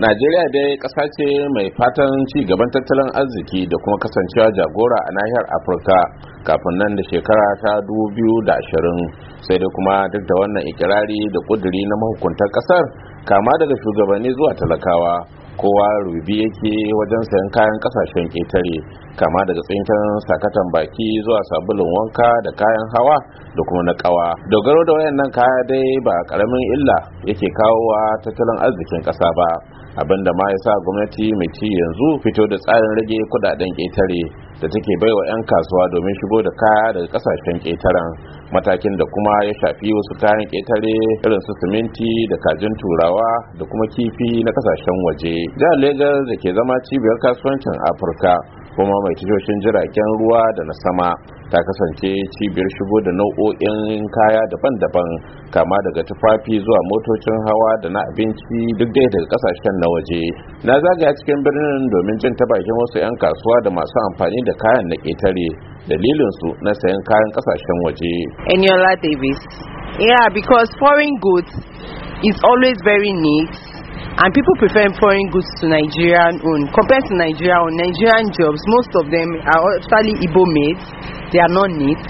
Najeriya dai ƙasa ce mai fatan ci gaban tattalin arziki da kuma kasancewa jagora a nahiyar Afirka kafin nan da shekara ta 2020 sai dai kuma duk da wannan ikirari da ƙudiri na mahukuntar ƙasar kama daga shugabanni zuwa talakawa kowa rubi yake wajen sayan kayan ƙasashen ƙetare kama daga tsinken sakatan baki zuwa sabulun wanka da kayan hawa da kuma na kawa dogaro da wayannan kaya dai ba karamin illa yake kawo wa tattalin arzikin kasa ba abinda ma yasa gwamnati mai ci yanzu fito da tsarin rage kudaden ƙetare da take baiwa 'yan kasuwa domin shigo da kaya daga kasashen ƙetaren matakin da kuma ya shafi wasu kayan ƙetare irin su siminti da kajin turawa da kuma kifi na kasashen waje jihar Legas da ke zama cibiyar kasuwancin afirka kuma mai tashoshin jiragen ruwa da na sama ta kasance cibiyar shigo da nau'o'in kaya daban-daban kama daga tufafi zuwa motocin hawa da na abinci duk dai daga kasashen na waje na zagaya cikin birnin domin jin ta bakin wasu 'yan kasuwa da masu amfani da kayan na ƙetare dalilinsu na sayan kayan kasashen waje Eniola Davis yeah because foreign goods is always very neat and people prefer foreign goods to Nigerian own. Compared to Nigeria own, Nigerian jobs, most of them are actually Igbo made, they are not neat.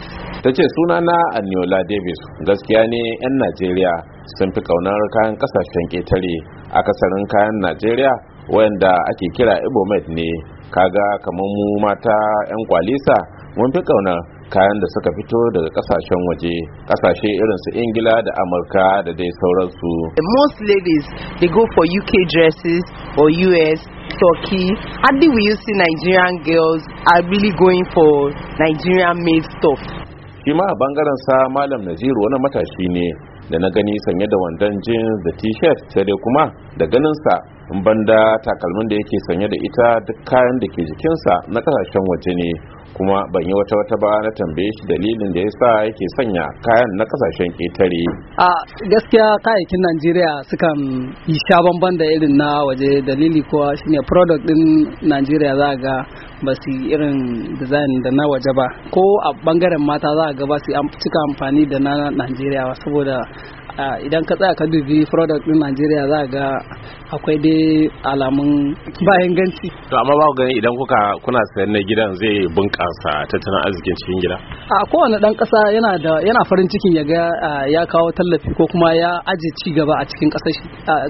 ta ce sunana aniola davis gaskiya ne 'yan najeriya sun fi kaunar kayan kasashen ketare akasarin kayan najeriya wanda ake kira ibomet ne kaga kamar mu mata 'yan kwalisa mun fi kaunar kayan da suka fito daga kasashen waje kasashe irin su ingila da amurka da dai sauransu most ladies they go for uk dresses or us turkey hardly will you see nigerian girls are really going for nigerian made stuff shi ma a bangaren sa malam naziru wani matashi ne da na gani sanye da wandon jeans da t-shirt sai dai kuma da ganin sa banda takalmin da yake sanye da ita duk kayan da ke jikinsa na kasashen waje ne kuma ban yi wata wata ba na tambaye shi dalilin da ya sa yake sanya kayan na kasashen ketare a gaskiya kayayyakin Najeriya sukan yi sha bamban da irin na waje dalili kuwa shine product din Najeriya za ga ba su irin design da na waje ba ko a bangaren mata za a ga ba su cika amfani da na Najeriya saboda idan ka tsaya ka dubi product din Najeriya za ga akwai dai alamun bayan ganci. to amma ba gani idan kuka kuna sayar na gidan zai bunƙasa tattalin arzikin cikin gida a kowane dan ƙasa yana da yana farin cikin ya ga ya kawo tallafi ko kuma ya aje ci gaba a cikin ƙasar shi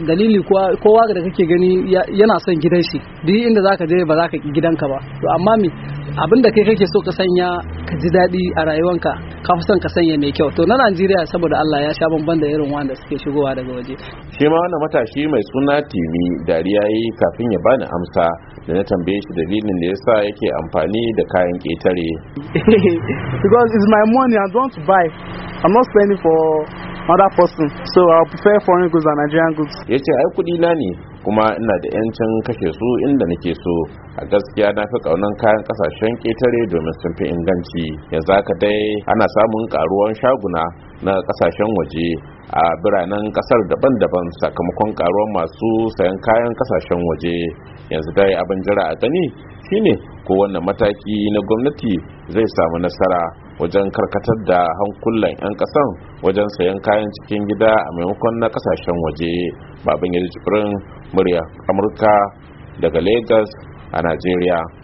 dalili kuwa kowa da kake gani yana son gidan shi duk inda zaka je ba za gidan gidanka ba to amma me abinda kai kake so ka sanya ka ji daɗi a rayuwanka ka son ka sanya mai kyau to na Najeriya saboda Allah ya sha bamban da irin wanda suke shigowa daga waje shi ma wani matashi mai suna TV dariya yi kafin ya bani amsa da na tambaye shi dalilin da yasa yake amfani da kayan ketare because it's my money I don't buy I'm not spending for other person so i prefer foreign goods than nigerian goods Ya ce ai kudi na ne kuma ina da yancin kashe su inda nake so a gaskiya na fi kaunan kayan kasashen ketare domin sun fi inganci yanzu haka dai ana samun karuwan shaguna na kasashen waje a biranen kasar daban-daban sakamakon karuwan masu sayan kayan kasashen waje yanzu dai abin jira a gani shine ko wannan mataki na gwamnati zai samu nasara wajen karkatar da hankulan 'yan kasan wajen sayan kayan cikin gida a maimakon na kasashen waje babin yadda murya amurka daga lagos a nigeria